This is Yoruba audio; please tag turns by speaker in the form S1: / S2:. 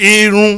S1: Irun